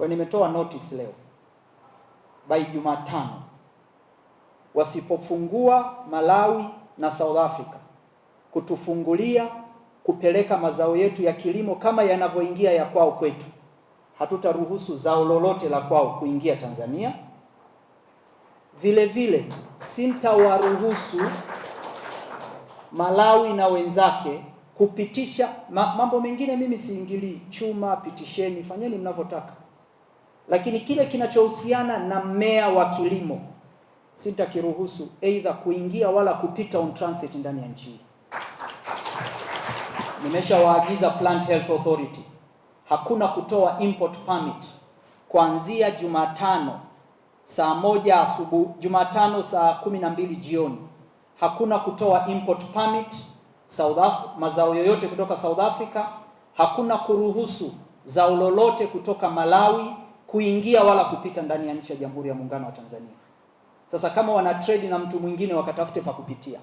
Kwa nimetoa notice leo by Jumatano, wasipofungua Malawi na South Africa kutufungulia kupeleka mazao yetu ya kilimo kama yanavyoingia ya kwao kwetu, hatutaruhusu zao lolote la kwao kuingia Tanzania. Vile vile sintawaruhusu Malawi na wenzake kupitisha ma, mambo mengine mimi siingilii. Chuma pitisheni, fanyeni mnavyotaka lakini kile kinachohusiana na mmea wa kilimo sitakiruhusu aidha kuingia wala kupita on transit ndani ya nchi. Nimeshawaagiza Plant Health Authority, hakuna kutoa import permit kuanzia Jumatano saa moja asubuhi, Jumatano saa kumi na mbili jioni. Hakuna kutoa import permit South Af mazao yoyote kutoka South Africa. Hakuna kuruhusu zao lolote kutoka Malawi kuingia wala kupita ndani ya nchi ya Jamhuri ya Muungano wa Tanzania. Sasa kama wana trade na mtu mwingine wakatafute pa kupitia.